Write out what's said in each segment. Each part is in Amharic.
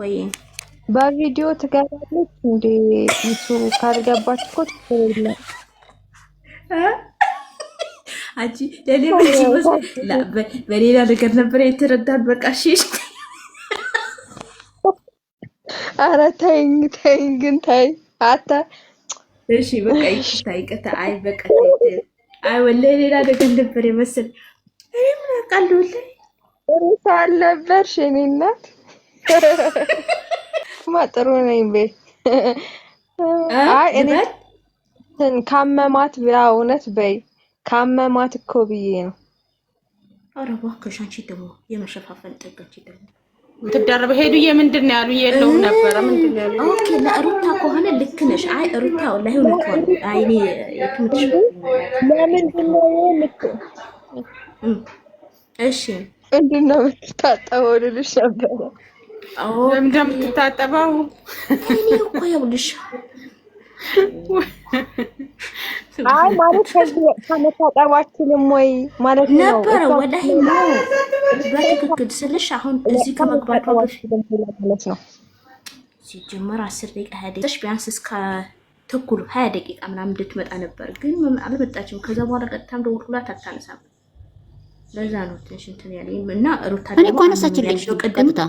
ወይ በቪዲዮ ትገባለች እንዴ? እሱ ካልገባች እኮ ትገባለች። አንቺ በሌላ ነገር ነበር የተረዳን። በቃ ሽሽ አረ ተይኝ ተይኝ፣ ግን ታይ አታ እሺ፣ በቃ ይቅርታ። አይ በቃ አይ ወላሂ ሌላ ነገር ነበር የመሰለኝ። እኔ ምን አውቃለሁ ወላሂ ርዕስ አልነበርሽ እናት ጥሩ ነኝ ቤት ካመማት ብላ እውነት በይ ካመማት እኮ ብዬ ነው። ኧረ እባክሽ አንቺ ደግሞ የመሸፋፈን ጠጋች ደግሞ ትደረበ ሄዱ የምንድን ነው ያሉ የለውም ነበረ ምንድን ነው ያሉ ኦኬ ለሩታ ከሆነ ልክ ነሽ። አይ ሩታ ላይሆን ከሆነ አይ እኔ የትምትሽ ለምንድን ነው ልክ እሺ እንድና ነው ልልሽ ነበረ እንደምትታጠበው እኔ እኮ ይኸውልሽ አይ ማለት ከዚህ ከመታጠባችንም ወይ ማለት ነው ነበረ ወላሂ ነው በትክክል ስልሽ፣ አሁን እዚህ ከመግባት ነው ሲጀመር አስር ደቂቃ ሀያ ደቂቃ ቢያንስ እስከ ተኩሉ ሀያ ደቂቃ ምናምን እንድትመጣ ነበር፣ ግን አልመጣችም። ከዛ በኋላ ቀጥታም ደወልኩላት አታነሳም። ለዛ ነው ትንሽ እንትን ያለኝ እና ሩታ ደግሞ ቅድምታ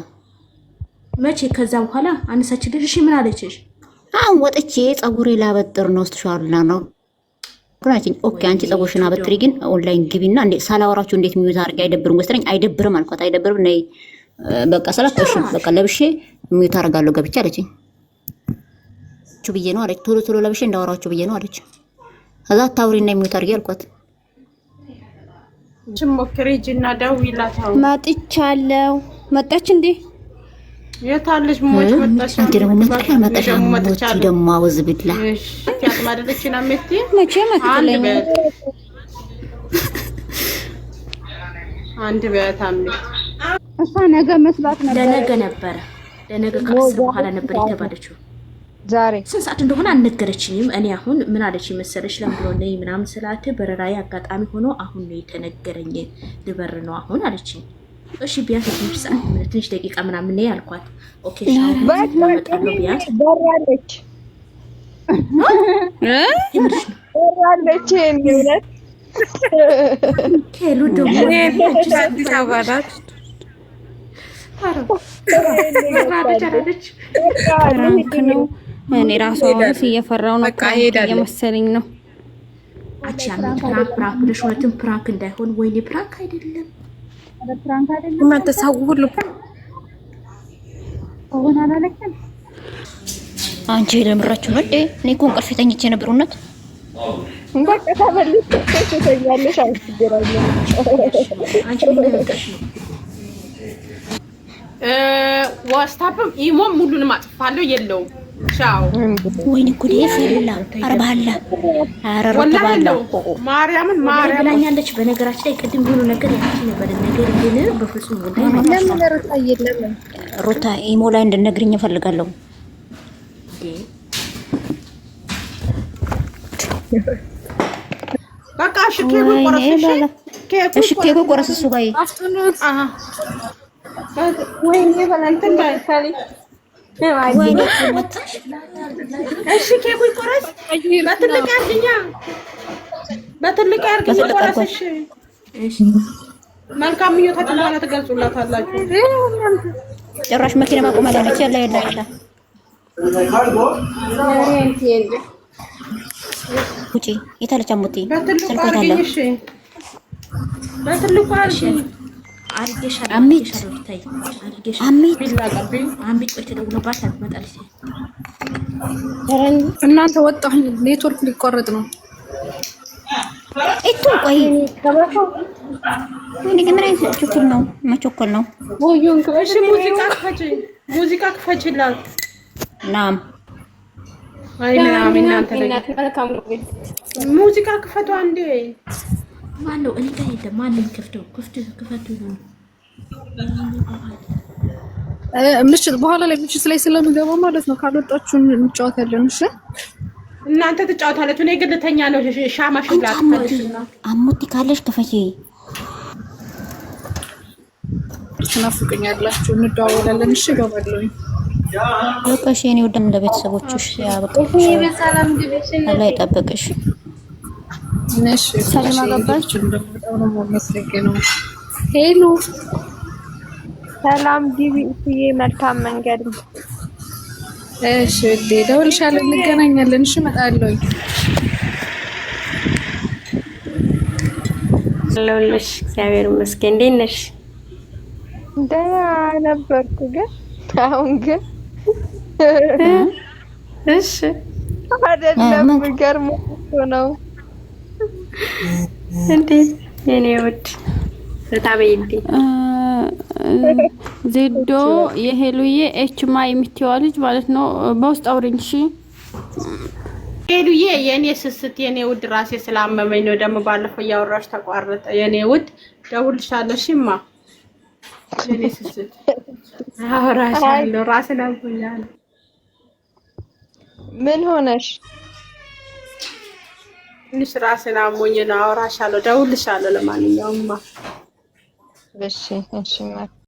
መቼ? ከዛ በኋላ አነሳችልሽ። እሺ ምን አለችሽ? አሁን ወጥቼ ጸጉሬ ላበጥር ነው ስትሻላ ነው ምክንያቱም ኦኬ አንቺ ጸጉርሽን አበጥሪ፣ ግን ኦንላይን ግቢና እንዴ ሳላወራችሁ እንዴት ሚዩት አድርጊ? አይደብርም ወስደኝ አይደብርም አልኳት። አይደብርም ነይ በቃ ሰላት እሺ በቃ ለብሼ ሚዩት አደርጋለሁ ገብቼ አለችኝ። ቹ ብዬ ነው አለች። ቶሎ ቶሎ ለብሼ እንዳወራችሁ ብዬ ነው አለች። ከዛ ታውሪና ሚዩት አድርጌ አልኳት። ጅም ሞክሬ ጅና ደውይላታው መጥቻለሁ። መጣች እንዴ የታለሽ ሞች መጣሽ? አንቺ ደግሞ አውዝ አንድ እሷ ነገ መስላት ነበር፣ ለነገ ነበረ ለነገ ከአስር በኋላ ነበር የተባለችው። ዛሬ ስንት ሰዓት እንደሆነ አልነገረችኝም። እኔ አሁን ምን አለች መሰለች ለምብሎ ምናምን ስላት በረራዬ አጋጣሚ ሆኖ አሁን ነው የተነገረኝ ልበር ነው አሁን አለችኝ። እሺ ቢያንስ ትንሽ ሰዓት ትንሽ ደቂቃ ምናምን ያልኳት ኦኬ ቢያንስ በራለች በራለች የሚለት ነው። እኔ ራሱ አሁንስ እየፈራው ነው እየመሰለኝ ነው። አቻ ፕራንክ ብለሽ ፕራንክ እንዳይሆን ወይኔ ፕራንክ አይደለም እናንተ ሰው ሁሉ አንቺ ለምራችሁ ነው እንዴ? እኔ እኮ እንቅልፍ ተኝቼ ነበር። እውነት በቃ ተመልሰሽ ትተኛለሽ። ዋትስአፕም ኢሞም ሁሉንም አጥፋለሁ የለውም ወይኔ ጉዴ ፈላው። ማርያምን ማርያም ብላኛለች። በነገራችን ላይ ቅድም የሆኑ ነገር ያለች ነበር ነገር ግን በፍጹም ጉዳይ ለምን ሩታ የለም ሩታ ኢሞ ላይ እንድነግርኝ እፈልጋለሁ። በቃ እሺ፣ እሺ፣ ቆረስ። እሱ ጋር ወይኔ እሺ ኬኩ ይቆረስ። በትልቅ ያርግኛ፣ በትልቅ ያርግ ይቆረስ። መልካም ምኞታችሁ በኋላ ትገልጹላታላችሁ። ጭራሽ መኪና ማቆም አላለች። ያለ ያለ ያለ ውጪ የታለች? አሞቴ ስልኳ የታለ? በትልቁ አርግ እናንተ ወጣሁኝ፣ ኔትወርክ ሊቋረጥ ነው። እቱ ቆይ መጀመሪያ ችኩል ነው መቸኮል ነው። ሙዚቃ ክፈችላት። ናም ሙዚቃ ክፈቱ አንዴ። ክፍቱ ክፍቱ ክፈቱ ነው ምሽት በኋላ ላይ ምሽት ላይ ስለምገባ ማለት ነው። ካልወጣችሁ እንጫወታለን። እሺ እናንተ ትጫወታለች፣ እኔ ግን ተኛ ነው። ሻማ ሽላት አሙቲ ካለሽ ክፈይ ትናፍቅኛላችሁ። እንደዋወላለን። እሺ እገባለሁ። በቃሽ የኔ ወደም ለቤተሰቦችሽ ያበቃሽ አላ ይጠብቅሽ። ሰላም አገባችሁ። ሄሎ ሰላም ዲቪ እትዬ መልካም መንገድ። እሺ እዴ ደውልሻለሁ፣ እንገናኛለን። እሺ እመጣለሁ። ለውልሽ እግዚአብሔር ይመስገን። እንዴት ነሽ? ደህና ነበርኩ፣ ግን አሁን ግን እሺ አይደለም። ገርሞ ነው። እንዴ የኔ ውድ እንዴ ዜዶ የሄሉዬ ኤችማ የምትይዋ ልጅ ማለት ነው። በውስጥ አውሪኝ እሺ። ሄሉዬ የእኔ ስስት የእኔ ውድ ራሴ ስላመመኝ ነው። ደግሞ ባለፈው እያወራሽ ተቋረጠ። የእኔ ውድ ደውልሻለሁ። እሺማ የእኔ ስስት አወራሻለሁ። ራሴን አሞኛል። ምን ሆነሽ? ትንሽ ራሴን አሞኝ ነው። አወራሻለሁ፣ ደውልሻለሁ። ለማንኛውም vestir, enchimento.